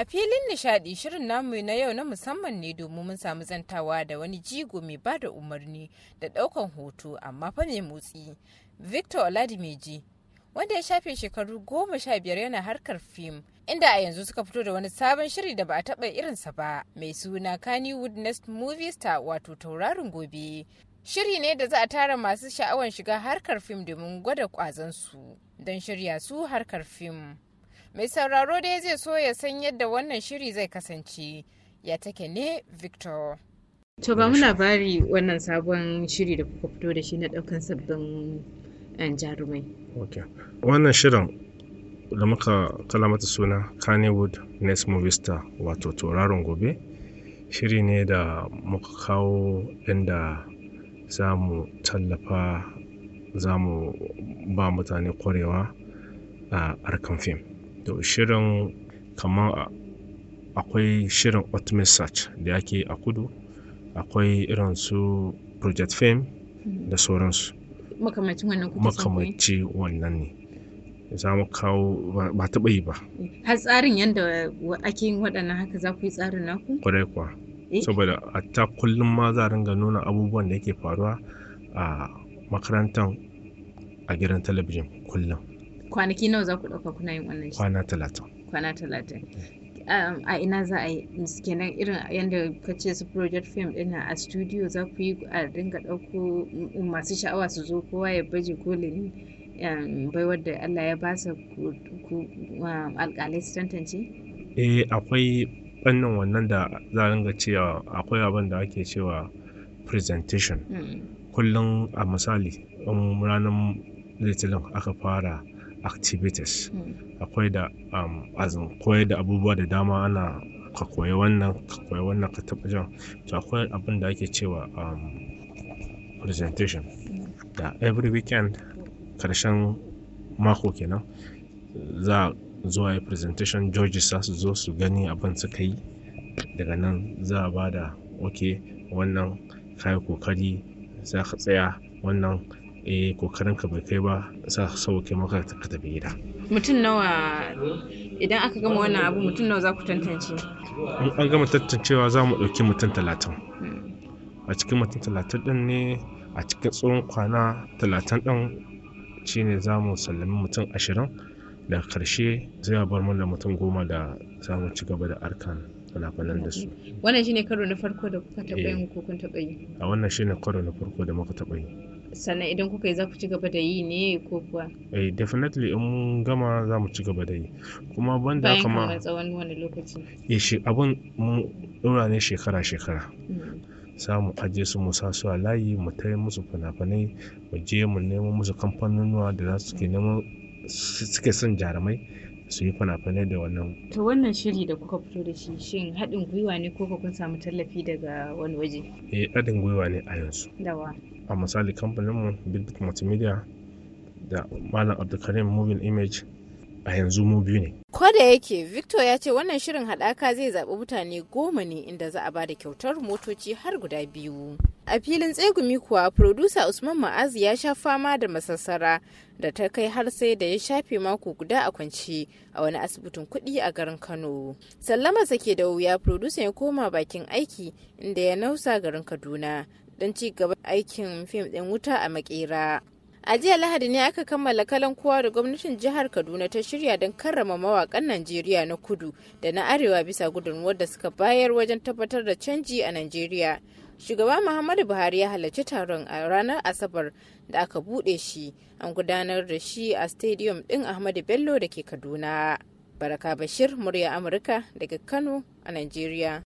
A filin nishadi shirin namu na yau na musamman ne domin mun samu zantawa da wani jigo mai ba da umarni da daukan hoto amma fa mai motsi. Victor Oladimeji wanda ya shafe shekaru goma sha biyar yana harkar fim inda a yanzu suka fito da wani sabon shiri da ba a taba irinsa ba mai suna Kannywood Next Movie Star wato tauraron gobe. Shiri ne da za a tara masu sha'awar shiga harkar fim domin gwada kwazansu don shirya su harkar fim. mai sauraro dai zai so ya san yadda wannan shiri zai kasance ya take ne victor to ba mu labari wannan sabon shiri da kuka fito da shi na daukan sabbin eh, jarumai wannan shirin da muka kala mata suna Kannywood Next Movie Star wato tauraron gobe shiri ne da muka kawo inda za mu tallafa za mu ba mutane kwarewa a harkan fim to shirin kamar akwai shirin ultimate search da ake a kudu akwai irin su project fame da sauransu wannan makamaci wannan ne za mu kawo ba taɓa yi ba har tsarin yadda ake yin waɗannan haka za ku yi tsarin naku kwarai kuwa eh. saboda a ta kullum ma za ringa nuna abubuwan da yake faruwa a makarantar a gidan talabijin kullum kwanaki nawa za ku ɗauka kuna yin wannan kwana talatin kwana talatin um, a ina za a yi kenan irin yadda ka ce su project film ɗin a studio za ku yi a dinga ɗauko masu sha'awa su zo kowa ya baje kolin um, bai wadda Allah ya ba su um, alƙalai su tantance? eh akwai bannan wannan da za a ringa cewa akwai abin da ake cewa presentation mm. kullum a misali ranar litinin aka fara activities hmm. akwai da um, azin koyar da abubuwa da dama ana ka koya wannan ka koya wannan ka taɓa jan to akwai abin da ake cewa um, presentation da every weekend karshen mako kenan za a yi presentation judges za su zo su gani abin suka yi daga nan za a ba da ok wannan kayan kokari za ka tsaya wannan eh kokarin ka bai kai ba sa sauke maka ka tafi gida mutum nawa idan aka gama wannan abu mutum nawa za ku tantance in an gama tantancewa za mu ɗauki mutum talatin hmm. a cikin mutum talatin ɗin ne a cikin tsohon kwana talatin ɗin shine za mu sallami mutum ashirin da karshe zai bar da mutum goma da za mu ci gaba da arkan ana kwanan da su wannan shi ne karo na farko da kuka taɓa yin eh. ko kun taɓa yi a wannan ne karo na farko da muka taɓa yi sannan idan kuka yi za ku ci gaba da yi ne ko kuwa eh definitely in mun gama za mu ci gaba da yi kuma ban da haka ma bayan tsawon wani lokaci eh shi abun mun dora ne shekara shekara hmm. mu aje su mu su a layi mu tai musu fina-finai mu je mu nemo musu kamfanonuwa da za su ke neman suke son jarumai su yi fina-finai da wannan. To wannan shiri da kuka fito da shi shin haɗin gwiwa ne ko kun samu tallafi daga wani waje? Eh haɗin gwiwa ne a yanzu. Dawa. A misali kamfaninmu Big Multimedia da Malam Abdulkarim Moving Image a yanzu mu biyu ne. Ko da yake Victor ya ce wannan shirin haɗaka zai zaɓi mutane goma ne inda za a ba da kyautar motoci har guda biyu. A filin tsegumi kuwa frodusa Usman Ma'az ya sha fama da masassara da ta kai har sai da ya shafe mako guda a kwanci a wani asibitin kuɗi a garin Kano. Sallama sake da wuya Furodusa ya koma bakin aiki inda ya nausa garin Kaduna don ci gaba aikin fim ɗin wuta a makera. A jiya Lahadi ne aka kammala kalan kowa da gwamnatin jihar Kaduna ta shirya don karrama mawakan Najeriya na kudu da na arewa bisa gudunmuwar da suka bayar wajen tabbatar da canji a Najeriya. Shugaba Muhammadu Buhari ya halarci taron a ranar Asabar da aka bude shi an gudanar da shi a stadium din Ahmadu Bello da ke Kaduna. Baraka Bashir, murya Amurka daga Kano a Najeriya.